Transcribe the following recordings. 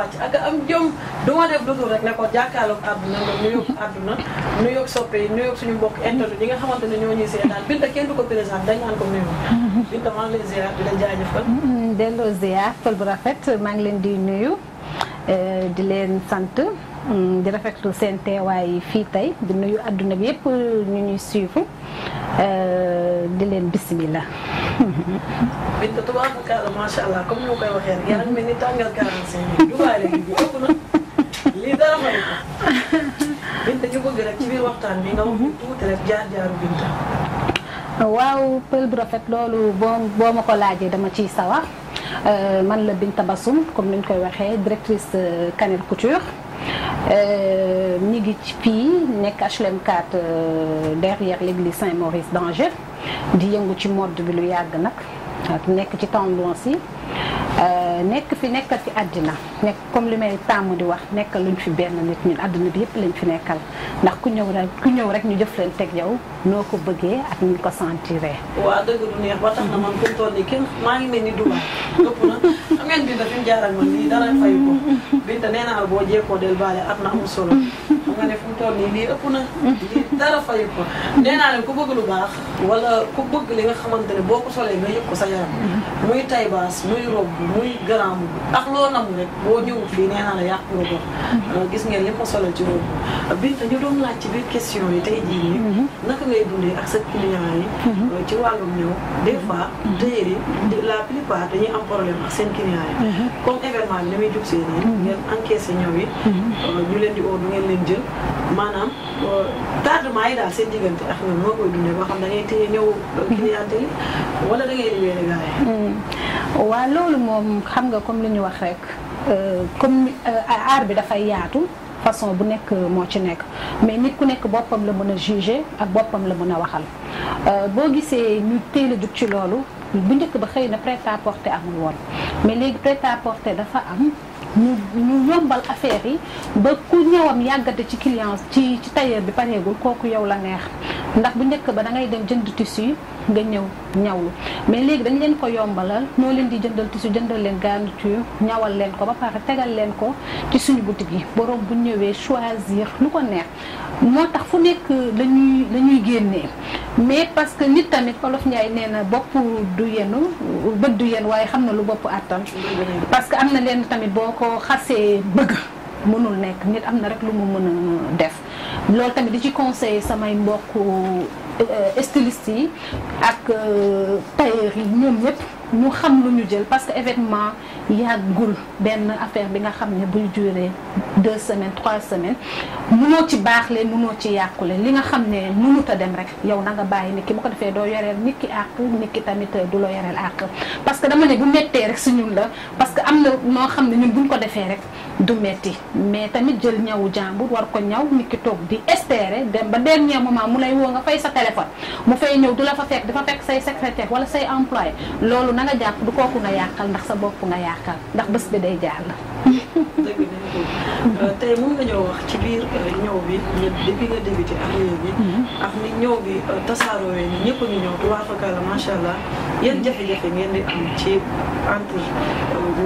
wàcc ak am jom du ma def dutul rek ne ko jàkkaarloog àdduna nga nuyoog àdduna nuyoog soppe yi nuyoog suñu mbokk internet yi nga xamante ne ñoo ñuy seetaan Binta kenn du ko présenté dañ naan ko nuyu Binta maa ngi lay ziar di la jaajëfal mm, delloo ziar bu rafet maa ngi leen di nuyu eh, di leen sant Mm, di rafetlu seen teewaay fii tey di nuyu àdduna bi yëpp ñu ñuy suivre euh, di leen bisimilah. Binta tubaab macha allah comme ni ma koy waxee rek yaa ngi mel ni tàngal 45 bi dubaale bi ëpp na lii Binta ñu Binta. waaw pël rafet loolu boo boo ma ko laajee dama ciy sawar euh, man la Binta Bassoum comme ni koy waxee directrice euh, Kanel Couture. Euh, ñu ngi ci fii nekk HLM 4 euh, derrière l'église Saint-Maurice d'Angers di yëngu ci mode bi lu yàgg nag nekk ci tendance yi Euh, nekk fi nekkal fi àddina nekk comme li may tàmm di wax nekkal luñ fi benn nit ñun àddina bi yëpp lañ fi nekkal ndax ku ñëw rek ku ñëw rek ñu jëf leen teg yow noo ko bëggee ak ñu ko sentiree. waaw dëgg du neex ba tax na man fi mu toll nii kenn maa ngi mel ni Dubaay. dëpp na xam ngeen Binta ak boo jeekoo del baale at na am solo xam nga ne fi toll nii lii ëpp na. lii dara fay ko nee naa leen ku bëgg lu baax. wala ku bëgg li nga xamante ne boo ko solee nga yëg ko sa yaram. muy tay baas muy robe muy grand mbubb fii nee naa mhm. gis ngeen li ko ci biir question yi tey jii nii mhm. naka ngay dundee yi mhm. ci wàllum ñëw des fois tailleur yi la plupart dañuy am problème ak seen client yi comme événement bi damay jub see nii ngeen encaissé ñëw yi ñu leen di oo du ngeen leen jël maanaam tardement yi daal seen diggante ak ñoom moo koy dundee boo xam da ngay ñëw clientèle yi wala da ngay libéré yi loolu moom xam nga comme li ñu wax rek euh, comme euh, aar bi dafay yaatu façon bu nekk moo ci nekk mais nit ku nekk boppam la mën a juger ak boppam la mën a waxal euh, boo gisee ñu teel a jug ci loolu bu njëkk ba xëy na prêt amul woon mais léegi prêt à dafa am. ñu ñu yombal affaire yi ba ku ñëwam yàggate ci client ci ci tailleur bi pareegul kooku yow la neex ndax bu njëkk ba da ngay dem jënd tissu nga ñëw ñawlu mais léegi dañ leen ko yombalal ñoo leen di jëndal tissu jëndal leen garniture ñawal leen ko ba pare tegal leen ko ci suñu boutique yi borom bu ñëwee choisir lu ko neex moo tax fu nekk lañuy la ñuy génnee mais parce que nit tamit olof Ndiaye nee na bopp du yenu bët du yen waaye xam na lu bopp àttan parce que am na leen tamit boo ko xasee bëgg mënul nekk nit am na rek lu mu mën a def loolu tamit di ci conseiller samay mbokk euh, styliste yi ak euh, tailleur yi ñoom ñëpp mu xam lu ñu jël parce que événement yàggul benn affaire bi nga xam ne buy duré deux semaine trois semaines mënoo ci baax baaxle mënoo ci yàqule li nga xam ne munut a dem rek yow na nga bàyyi nit ki bu ko defee doo yoreel nit ki àq nit ki tamit euh, du la yoreel àq parce que dama ne bu méttee rek si ñun la parce que am na noo xam ne ñun buñ ko defee rek du metti mais tamit jël ñawu jàmbur war ko ñaw nit ki toog di espérer dem ba dernier moment mu lay woo nga fay sa téléphone mu fay ñëw du la fa fekk dafa fekk say secrétaire wala say employé loolu na nga jàpp du kooku nga yàqal ndax sa bopp nga yàqal ndax bés bi day jaar la euh, tey mën nga ñoo wax ci biir euh, ñëw bi ñëpp depuis nga débuté ak ñëw bi mhm. ak ni ñëw bi euh, tasaaroo yi allah yan jafe-jafe am ci entre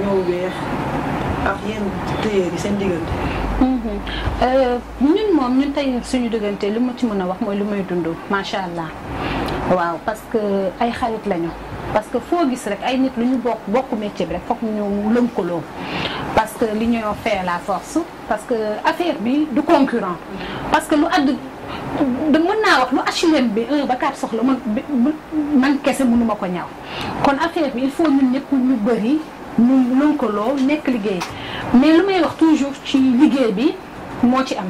ñëw beex ak yéen téye gi seen diggante. Mhm. Euh, ñun moom ñu tey suñu diggante li ma ci mën a wax mooy lu may dund macha allah waaw parce que ay xarit lañu parce que foo gis rek ay nit lu ñu bokk bokku métier bi rek foog ñu lënkaloo parce que li ñoo fait la force parce que affaire bi du concurrent parce que lu àdd da mën naa wax lu HLM bi ba quatre soxla man man kese mënuma ko ñaw kon affaire bi il faut ñun ñëpp ñu bëri ñu lënkaloo nekk liggéey mais lu may wax toujours ci liggéey bi moo ci am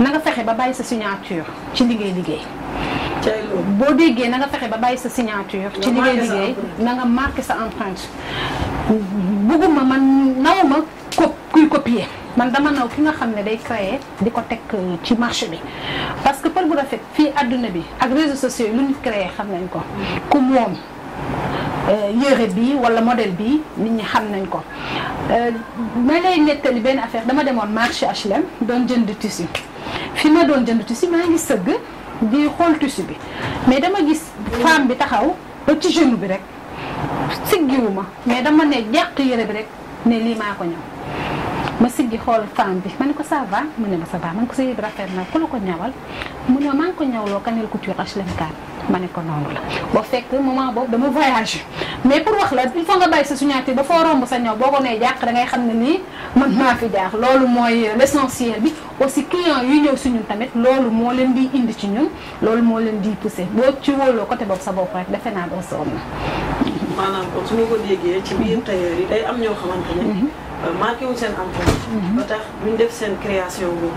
na nga fexe ba bàyyi sa signature ci li ngay liggéey. boo déggee na nga fexe ba bàyyi sa signature. ci li ngay liggéey na nga marqué sa empreinte. bëgguma man naw ma ko kuy copier man dama naw ki nga xam ne day créer di ko teg euh, ci marché bi parce que par bu rafet fii àdduna bi ak réseaux sociaux yi lu nit créer xam nañ ko ku moom. Euh, yére bi wala modèle bi nit ñi xam nañ ko euh, ma lay nettali benn affaire dama demoon marché HLM doon jënd tissu fi ma doon jënd tissu maa ngi sëgg di xool tissu bi mais dama gis femme bi taxaw ba ci genou bi rek siggiwuma mais dama ne jàq yére bi rek ne lii maa ko ñëw ma siggi xool femme bi ma ne ko ça va mu ne ma ça ma man ko sa yére bi rafet na ku la ko ñawal mu ne maa ngi ko ñawloo Kanel Couture HLM4 ma ne ko noonu la ba fekk moment boobu dama voyage mais pour wax la il faut nga bàyyi sa signature ba foo romb sa ñaw boo ko nee jàq da xam ne nii man maa fi jaax loolu mooy l'essentiel bi aussi client yu ñëw si ñun tamit loolu moo leen di indi ci ñun loolu moo leen di poussé boo ci wóoloo côté boobu sa bopp rek defe naa doo sonn. na kon su ci biir tailleur yi day am ñoo xamante ne. Mhm. Euh, marqué wuñ seen empreinte. Mhm. ba tax buñ def seen création boobu.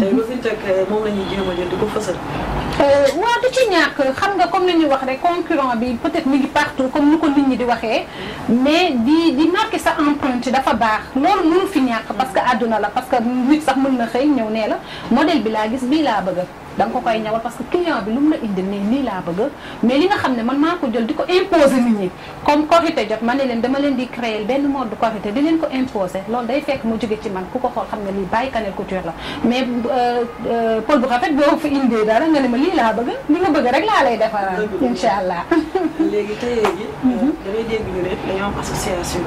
tey lu fi ñu koy créé moom la ñuy jéem a jël di ko fësal. Euh, waaw du ci ñàkk xam nga comme ni ñuy wax rek concurrent bi peut-être mi ngi partout comme ni ko nit ñi di waxee mais di di marquer sa empreinte dafa baax loolu mënu fi ñàkk parce que àdduna la parce que nit sax mën na xëy ñëw nee la modèle bi laa gis bii laa bëgga da nga ko koy ñawal parce que client bi lu mu la indil ne nii laa bëgg mais li nga xam ne man maa ko jël di ko imposer nit ñi comme Korité jot ma ne leen dama leen di créer benn mode de Korité di leen ko imposer loolu day fekk mu jóge ci man ku ko xool xam ne lii bàyyi kanel couture la mais euh, pël bu rafet boo fi indee dara nga ne ma lii laa bëgg li nga bëgg rek laa lay defaral incha allah léegi tey gi euh, mhm. damay dégg ñu ne dañoo am association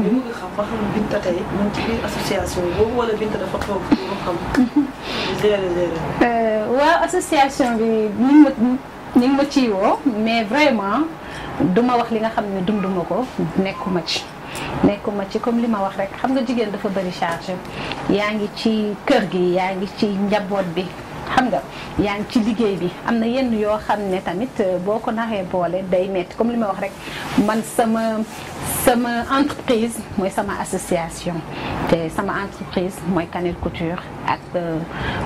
ñu bëgg xam ba xam boobu wala Binta Euh, waaw association bi ñu ngi ma ñu ma ciy woo mais vraiment duma wax li nga xam ne dunduma ko nekkuma ci. nekkuma ci comme li ma wax rek xam nga jigéen dafa bëri charge yaa ngi ci kër gi yaa ngi ci njaboot bi. xam nga yaa ci liggéey bi am na yenn yoo xam ne tamit euh, boo ko naree boole day metti comme li ma wax rek man sama sama entreprise mooy sama association te sama entreprise mooy Kanel Couture ak euh,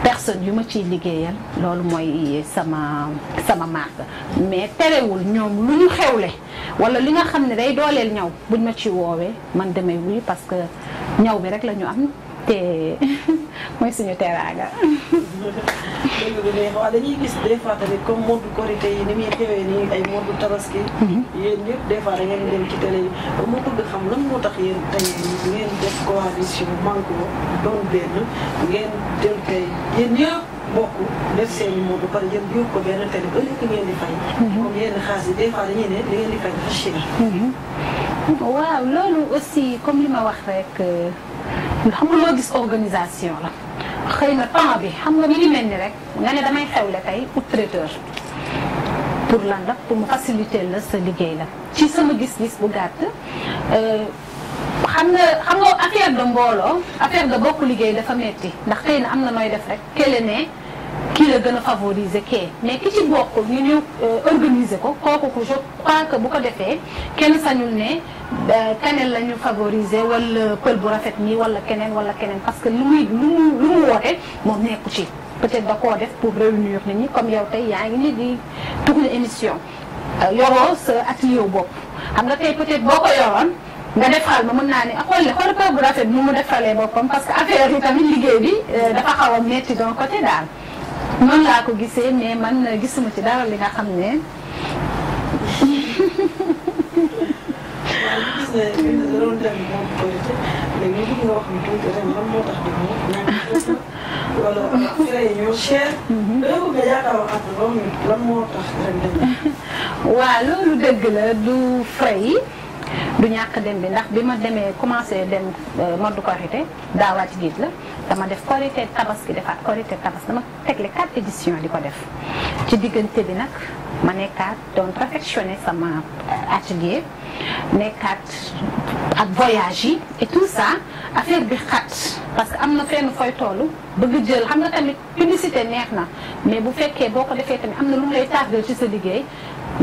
personne yu ma ciy liggéeyal loolu mooy sama sama marque mais terewul ñoom lu ñu xewle wala li nga xam ne day dooleel ñaw buñ ma ci woowee man demee wuyu parce que ñaw bi rek la ñu am te mooy suñu teraanga. dëgg la dañuy gis des tamit comme monde korité yi ni muy xewee nii ay monde tabaski. yéen ñëpp des fois da ngeen ci télé yi mu bëgg xam lan moo tax yéen tey ngeen def coalition manko doon benn bokk def seen i monde par yéen yóbbu ko benn télé ba léegi ngeen di fay. waaw loolu aussi comme li ma wax rek. Euh, xam nga loo gis organisation la xëy na temps bi xam nga mi ngi mel ni rek nga ne damay xewle ay pour traiteur pour lan la pour mu faciliter la sa liggéey la ci sama gis-gis bu gàtt euh, xam nga xam nga affaire de mbooloo affaire de bokk liggéey dafa metti ndax xëy na am na nooy def rek kële ne kii la gën a favoriser kee mais ki ci bokk ñu ñu euh, organiser ko kooku ko je crois que bu ko defee kenn sañul ne euh, keneen la ñu favoriser wala pël bu rafet nii wala keneen wala keneen parce que lu muy lu mu lu mu woote moom nekku ci peut-être da koo def pour réunir nit ñi comme yow tey yaa ngi ni di tourné émission euh, yoroo sa atelier bopp xam nga tey peut-être boo ko yoroon nga defal ma mën naa ne ah, xool le xool pël rafet ni mu defalee boppam parce que affaire yi tamit liggéey bi dafa xaw a métti d'un noonu laa ko gisee ne man gisuma ci dara li nga xam ne. waaw loolu dëgg la du frais yi du ñàkk dem bi ndax bi ma demee commencé dem euh, mode Korité daawaa ci géej la. dama def korité tabaski defaat korité tabaski dama tegle quatre édition di ko def ci diggante bi nag ma nekkaat doon perfectionné sama atelier nekkaat ak voyage yi et tout ça affaire bi xat parce que am na fenn fooy toolu bëgg jël xam nga tamit publicité neex na mais bu fekkee boo ko defee tamit am na lu mu lay tardé ci sa liggéey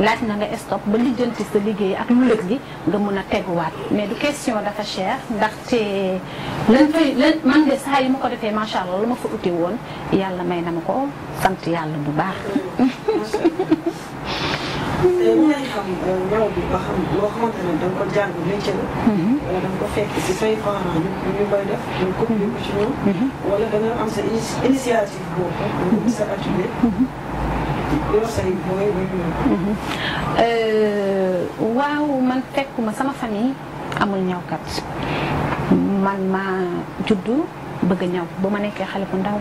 laaj na nga stop ba lijjanti sa liggéey ak lu lëg gi nga mun a teguwaat mais du question dafa cher ndaxte lan fay lan man de saa yi ma ko defee macha allah lu ma fa uti woon yàlla may na ma ko sant yàlla bu baax. mën nañu xam ñaw euh, bi ba xam loo xamante ne da ko jàng métier la. Mhm. wala da ko fekk ci say parents ñu ñu koy def. ñu mhm. am sa initiative boobu. Mhm. sa atelier. Mm-hmm. Uh, waaw man fekkuma sama famille amul ñawkat man ma juddu bëgga ñaw ba ma nekkee xale bu ndaw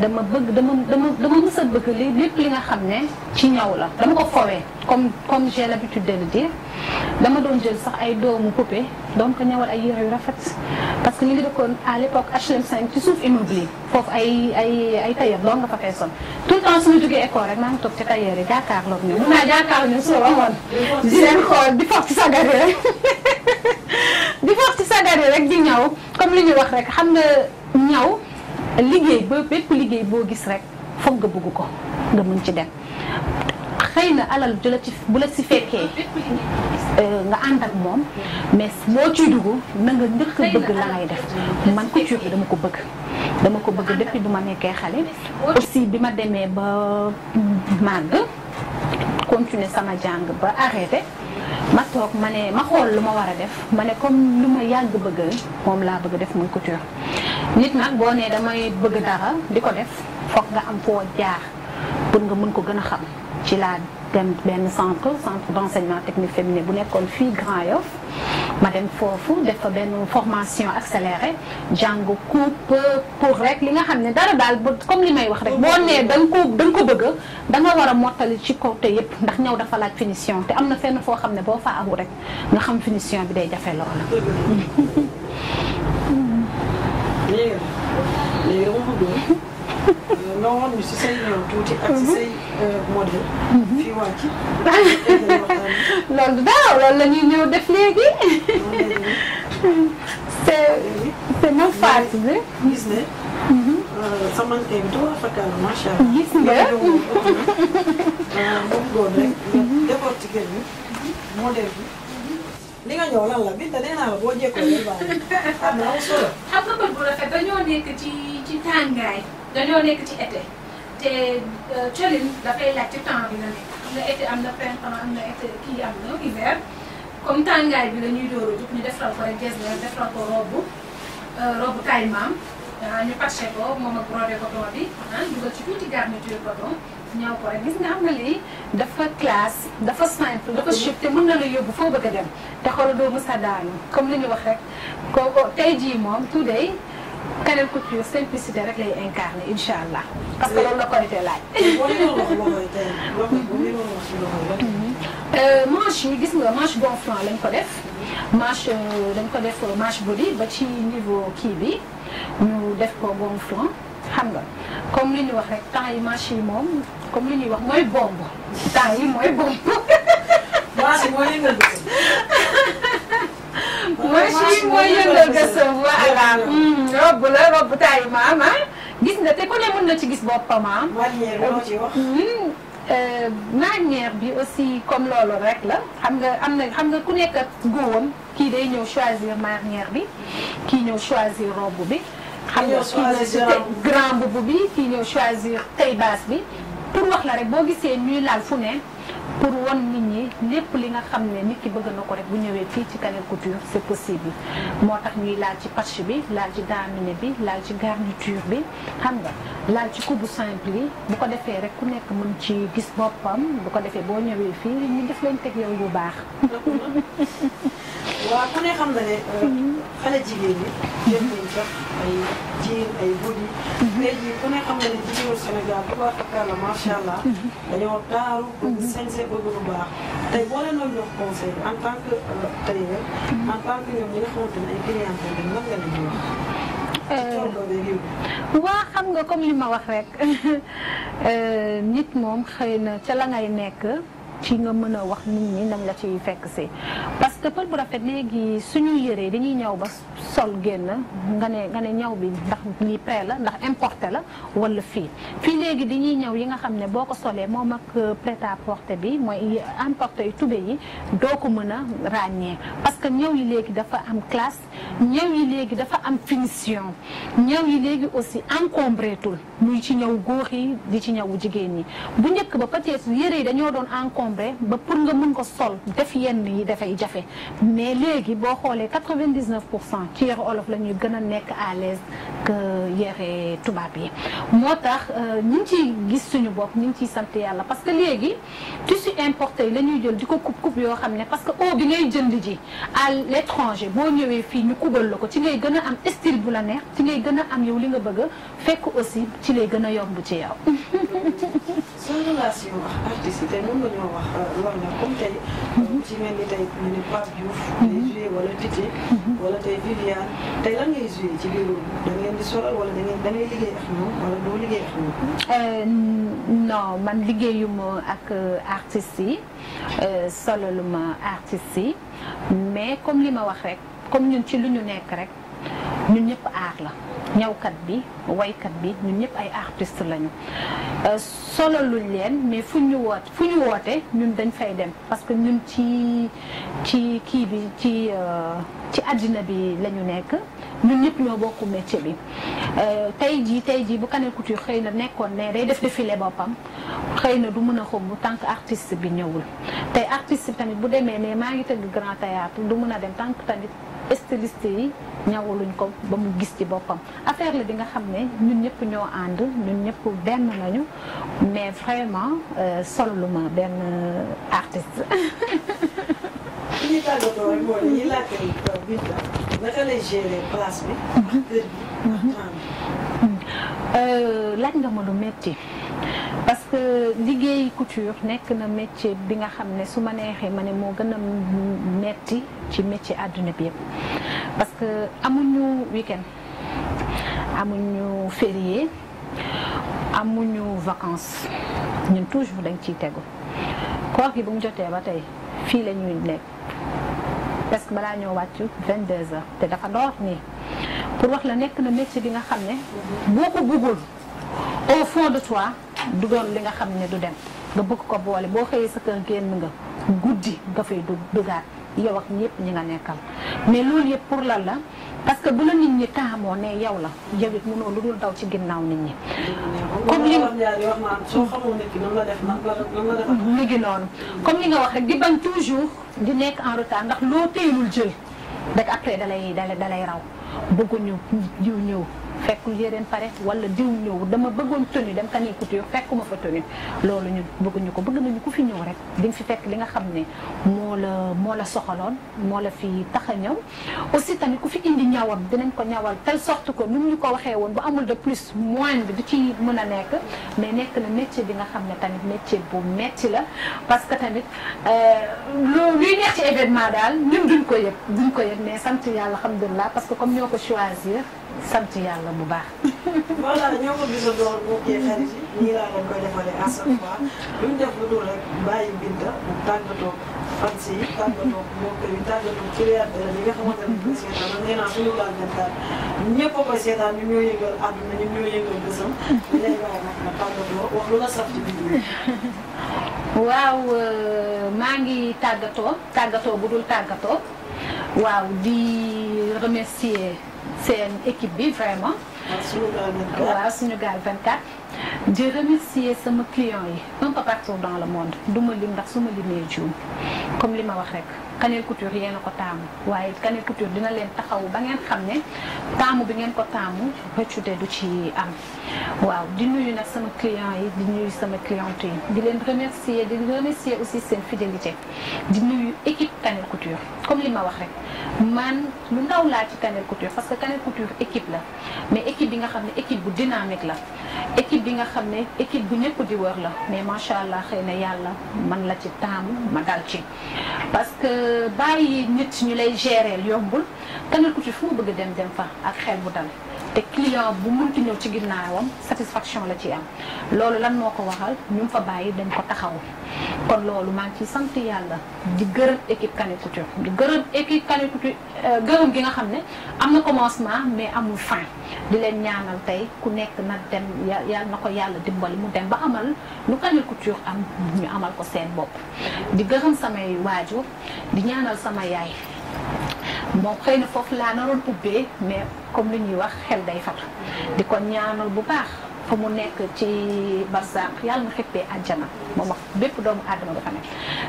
dama bëgg dama dama dama mës a bëgg li lépp li nga xam ne ci ñaw la dama ko fowee comme comme j'ai l'habitude de le dire dama doon jël sax ay doomu poupée doon ko ñawal ay yére yu rafet parce que ñu ngi dëkkoon à l'époque HLM 5 ci suuf immeuble yi ay ay ay tailleur doon nga tout le temps su ma jógee école rek maa ngi toog ca tailleur yi jàkkaarloog ñoom mun naa jàkkaarloog ñoom su ma waxoon di leen xool di rek di foog ñaw comme li ñuy wax rek xam nga ñaw liggéey ba bépp liggéey boo gis rek foog nga bëgg ko nga mën ci dem xëy na alal ju la ci si fekkee euh, nga ànd ak moom mais moo ciy dugg na nga njëkk a bëgg la ngay def man ko cuub bi dama ko bëgg dama ko bëgg depuis bi ma nekkee xale aussi bi ma demee ba màgg continuer sama jàng ba arrêté ma toog ma ne ma xool lu ma war a def ma ne comme lu ma yàgg bëgg moom laa bëgg a def muy couture nit nag boo nee damay bëgg dara di ko def foog nga am foo jaar pour nga mun ko gën a xam ci laa dem benn centre centre d' enseignement technique féminin bu nekkoon fii Grand Yoff ma dem foofu def fa benn formation accélérée jàng coupe pour rek li nga xam ne dara daal comme li may wax rek boo nee da nga ko da nga ko bëgg da nga a mottali ci côté yëpp ndax ñëw dafa laaj finition te am na fenn foo xam ne boo fa awu rek nga xam finition bi day jafe loola nga woon ñu si say ñëw tuuti ak si say modèle. fii wàcc. loolu daaw loolu la ñuy ñëw def léegi. c'est c'est ma faat bi. gis ne. Mhm. Euh, sama invité waa Fakal macha allah. gis nga. Euh, moom góor rek. Mhm. décortiquer bi modèle bi. li nga ñëw lan la Binta na. am na solo. xam nga bët bu rafet dañoo nekk dañoo nekk ci été te euh, colin dafay laaj ci temps bi la nekk xam nga été am na printemps am na été kii am na hiver comme tàngaay bi lañuy ñuy door a jug ñu defal ko rek deseer defal ko robu euh, robu taille maam ñu patché ko moom ak brodé coton bi ah dugal ci tuuti garniture coton ñëw ko rek gis nga xam ne dafa classe dafa simple dafa te mën na la yóbbu foo bëgg a dem te xoolal doo mës a daanu comme li ñu wax rek kooku tey jii moom today Kanel Couture simplicité rek lay incarné incha allah. parce que loolu la Korité laaj. Euh, manche yi gis nga manche gonflant lañ ko def. manche euh, dañ ko def euh, manche body ba ci niveau kii bi ñu def ko gonflant xam nga comme li ñu wax rek temps yi manche yi moom comme li ñuy wax mooy bomb temps yi mooy bomb. machine mooy yëngal gëstoo bu baax a robb la robb taayu maam ah gis nga te ku ne mën na ci gis boppam ah. manière bi aussi comme loolu rek la xam nga am na xam nga ku nekk ak góowam kii day ñëw choisir manière bi kii ñëw choisir robe bi. xam nga kii ñëw grand boubou bi kii ñëw choisir taille basse bi pour wax la rek boo gisee ñuy laal fu ne. pour won nit ñi lépp li nga xam ne nit ki bëgg na ko rek bu ñëwee fii ci Kanel Couture c'est possible moo tax ñuy laal ci patch bi laal ci daminé bi laal ci garniture bi xam nga laal ci coupe simple yi bu ko defee rek ku nekk mën ci gis boppam bu ko defee boo ñëwee fii ñu def leen teg yow yu baax waaw ku ne xam na ne. Euh, mhm. xale jigéen ñi. def nañ sax ay jiin ay body. Mhm. tey jii ku ne xam na ne jigéenu Sénégal tubaarkalla macha allah. Mhm. dañoo taaru bëgg sañse bëgg lu baax. tey boo leen doon conseil en tant que euh, tailleur. en tant que ñoom ñi nga xamante ne ay clients lañ nga leen di wax. Euh, xam nga comme li ma wax rek nit moom xëy na ca la ngay nekk. ci nga mën a wax nit ñi nañ la ciy fekk si parce que pël bu rafet léegi suñuy yëree dañuy ñaw ba sol génn nga ne nga ne ñaw bi ndax lii prêt la ndax importé la wala fii fii léegi dañuy ñaw yi nga xam ne boo ko solee moo mag prêt à porter bi mooy importé yu tube yi doo ko mën a ràññee parce que ñaw yi léegi dafa am classe ñaw yi léegi dafa am finition ñaw yi léegi aussi encombré tul muy ci ñaw góor yi di ci ñawu jigéen ñi bu njëkk ba peut yëre yi dañoo doon encombré ba pour nga mën ko sol def yenn yi dafay jafe mais léegi boo xoolee quatre vingt dix pour cent ci yére olof la ñuy gën a nekk à l'aise que yére tubaab yi moo tax euh, ñu ngi ciy gis suñu bopp ñu ngi ciy sant yàlla parce que léegi tissu importé yi la ñuy jël di ko coupe coupe yoo xam ne parce que eau bi ngay jënd ji à l'étranger boo ñëwee fii ñu kubal la ko ci ngay gën a am style bu la neex ci ngay gën a am yow li nga bëgg fekk aussi ci lay gën a yomb ci yow sa relation ak artistes yi tey mën nga tey. ci ne ci biir da da ngeen liggéey ak ñoom wala doo liggéey ak ñoom. non man liggéeyuma ak euh, artistes yi euh, solaluma artistes yi mais comme li ma wax rek comme ñun ci lu ñu nekk rek ñun ñëpp aar la. ñawkat bi woykat bi ñun ñëpp ay artiste lañu euh, solo luñ leen mais fu ñu woote fu ñu woote ñun dañ fay dem parce que ñun ci ci kii bi ci euh, ci àddina bi lañu nekk ñun ñëpp ñoo bokku métier bi euh, tey jii tey jii bu Kanel Couture xëy na nekkoon ne day def défilé boppam xëy na du mën a xumb tant que artiste bi ñëwul tey artiste bi tamit bu demee ne maa ngi tëgg grand théâtre du mën a dem tànk tamit styliste yi ñawuluñ ko ba mu gis ci boppam affaire la bi nga xam ne ñun ñëpp ñoo ànd ñun ñëpp benn lañu mais vraiment euh, soluma benn euh, artiste li ñu tàggatoo place bi kër gi mhm. euh, nga ma lu metti parce que liggéey couture nekk na métier bi nga xam ne su ma neexee ma ne moo gën a metti ci métier àdduna bi yëpp parce que amuñu wiken end amuñu férié amuñu vacance ñun toujours dañ ciy tegu koor gi bu mu jotee ba tey fii la ñuy nekk parce que balaa ñoo wàcc 22 heures te dafa door nii pour wax la nekk na métier bi nga xam ne boo ko bëggul au fond de toi du doon li nga xam ne du dem nga bëgg ko boole boo xëyee sa kër génn nga guddi nga fay du dugaat yow ak ñëpp ñi nga nekkal mais loolu yëpp pour lan la parce que bu la nit ñi taamoo ne yow la yow it mënoo lu dul daw ci ginnaaw nit ñi. comme li nga comme li nga wax rek di bañ toujours di nekk en retard ndax loo teelul jël rek après dalay dalay dalay raw bëgguñu ñu ñëw. fekk yéreen pare wala diw ñëw dama bëggoon tenue dem kani couture fekkuma fa tenue loolu ñu bëgguñu ko bëgg nañu ku fi ñëw rek di nga fi fekk li nga xam ne moo la moo la soxaloon moo la fi tax a ñëw aussi tamit ku fi indi ñawam dinañ ko ñawal telle sorte que nu ñu ko waxee woon bu amul de plus moins bi du ci mën a nekk mais nekk na métier bi nga xam ne tamit métier bu metti la parce que tamit loolu euh, luy neex ci événement daal ñun duñ ko yëg duñ ko yëg mais sant yàlla alhamdulilah parce que comme ñoo ko choisir sant yàlla la bu baax. voilà ñoo ko gisandoo mbokki xarit yi si tàggatoo mbokk yi tàggatoo xamante ne koy seetaan a euh, maa ngi tàggatoo tàggatoo bu dul tàggatoo waaw di remercier seen équipe bi vraiment. Ah, waaw suñu gaal 24 di remercier sama clients yi un peu partout dans le monde du ma lim ndax su ma limee juum comme li ma wax rek Kanel Couture yéen a ko taamu waaye Kanel Couture dina leen taxaw ba ngeen xam ne taamu bi ngeen ko taamu rëccute du ci am. waaw di nuyu nag sama client yi di nuyu sama cliente yi di leen remercier di remercier aussi seen fidélité di nuyu équipe Kanel Couture comme li ma wax rek man lu ndaw laa ci Kanel Couture parce que Kanel Couture équipe la mais équipe bi nga xam ne équipe bu dynamique la équipe bi nga xam ne équipe bu ñëpp di war la mais macha allah xëy na yàlla man la ci taamu ma dal ci parce que bàyyi nit ñu lay gereel yombul Kanel Couture fu bëgg dem dem fa ak xel bu dal te client bu mënti ñëw ci ginnaawam satisfaction la ci am loolu lan moo ko waxal ñu fa bàyyi dañ ko taxaw kon loolu maa ngi ciy sant yàlla di gërëm équipe Kane Couture di gërëm équipe Kane Couture euh, gërëm gi nga xam ne am na commencement mais amul fin di leen ñaanal tey ku nekk na dem yàlla na ko yàlla dimbali mu dem ba amal lu Kane Couture am ñu amal ko seen bopp di gërëm samay waajur di ñaanal sama yaay moom xëy na foofu laa naroon ubbee mais comme lu ñuy wax xel day fatu di ko ñaanal bu baax fa mu nekk ci barsaq yàlla na xippee àjjana moom wax bépp doomu aadama ba fa nekk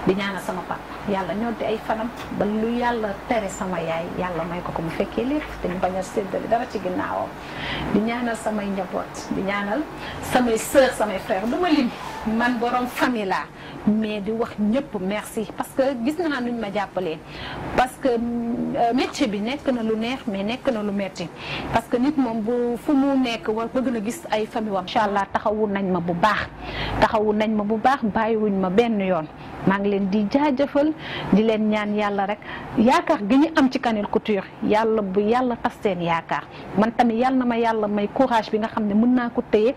di ñaanal sama pap yàlla ñoo di ay fanam ba lu yàlla tere sama yaay yàlla may ko ko mu fekkee lépp te ñu bañ a séddale dara ci ginnaawam di ñaanal samay njaboot di ñaanal samay sœur samay frère du ma lim man borom famille laa mais di wax ñëpp merci parce que gis naa nuñ ma jàppalee parce que euh, métier bi nekk na lu neex mais nekk na lu metti parce que nit moom bu fu mu nekk war bëgg na gis ay famille wam incha allah taxawu nañ ma bu baax taxawu nañ ma bu baax bàyyiwuñ ma benn yoon maa ngi leen di jaajëfal di leen ñaan yàlla rek yaakaar gi ñu am ci Kanel Couture yàlla bu yàlla tas seen yaakaar man tamit yàlla ma yàlla may courage bi nga xam ne mën naa ko téye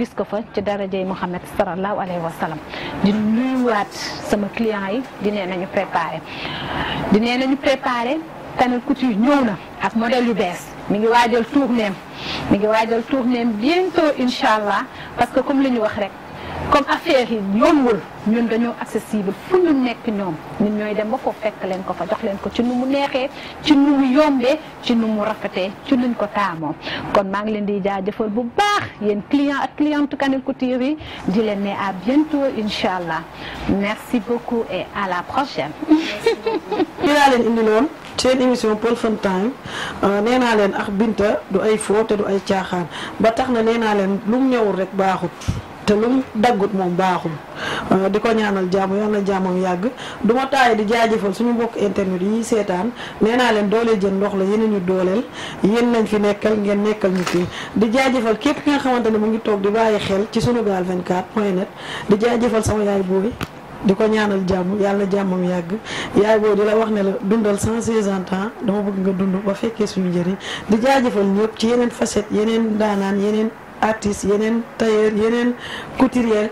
gis ko fa ci darajey Muhammad sallallahu alayhi wa sallam di nuyuwaat sama client yi di nee nañu préparé di nee nañu préparé Tanel Couture ñëw na ak modèle yu bees mi ngi waajal tournéem mi ngi waajal tournéem bientôt incha allah parce que comme li ñu wax rek comme affaire yi yombul ñun dañoo accessible fu ñu nekk ñoom ñun ñooy dem ba ko fekk leen ko fa jox leen ko ci nu mu neexee ci nu mu yombee ci nu mu rafetee ci nuñ ko taamoo kon maa ngi leen di jaajëfal bu baax yéen client ak cliente Kanel Couture yi di leen ne à bientôt incha allah merci beaucoup et à la prochaine. kii leen indi seen émission Peul Fun Time euh, nee naa leen ak Binta du ay foo du ay caaxaan ba tax na nee naa leen lu ñëwul rek baaxut. te lu daggut moom baaxul euh, di ko ñaanal jàmm yoon la jàmmam yàgg du ma taay di jaajëfal suñu mbokk internet yi seetaan nee naa leen doole jën ndox la yéen ñu dooleel yéen lañ fi nekkal ngeen nekkal ñu fi di jaajëfal képp ki nga xamante ne mu ngi toog di bàyyi xel ci sunugal 24 point net di jaajëfal sama yaay booy di ko ñaanal jàmm yàlla jàmmam yàgg yaay booy di la wax ne la dundal 160 ans ah, dama bëgg nga dund ba fekkee suñu njëriñ di j ñëpp ci yeneen facette yeneen daanaan yeneen artistes yeneen tailleur yeneen couturier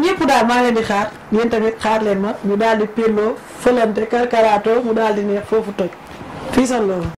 ñëpp daal maa leen di xaar yéen tamit xaar leen ma ñu daal di pirloo fëlante karkaraatoo mu daal di neex foofu toj fii sax loolu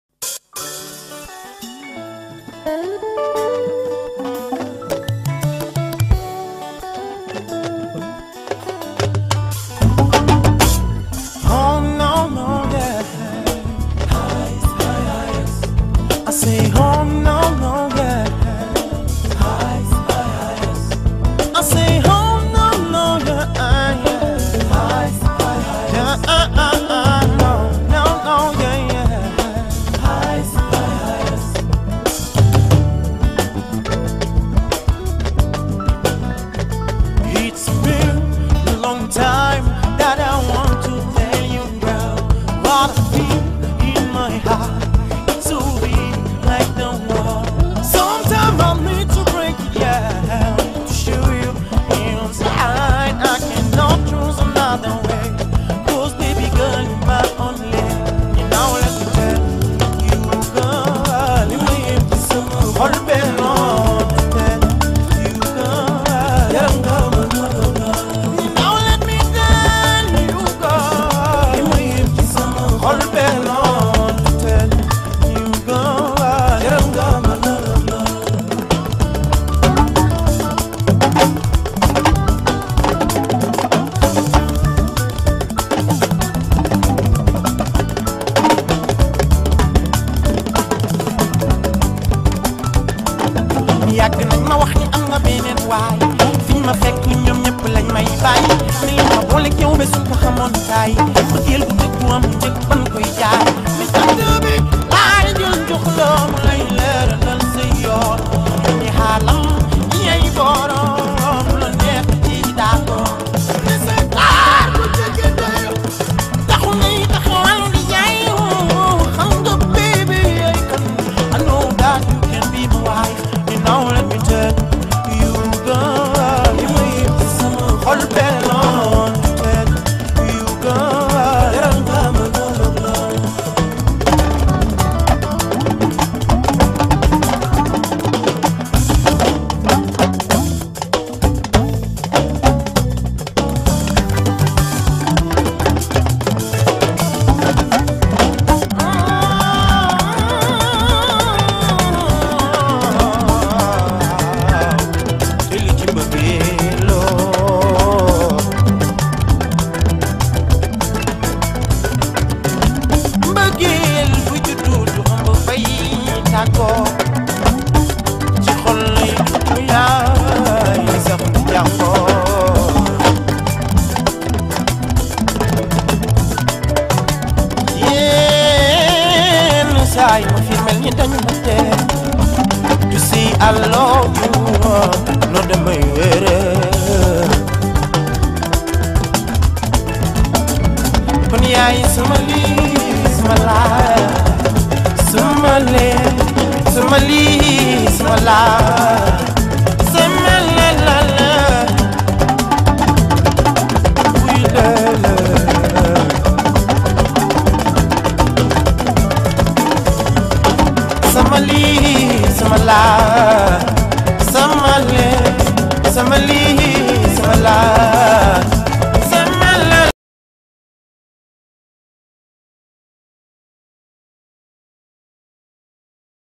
saay ma fi mel ni dañu ma tee to say I love you no damay wéere kon yaay sama lii sama laay sama lee sama lii sama laay la